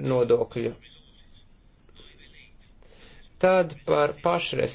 nodokļu. Tad par pašres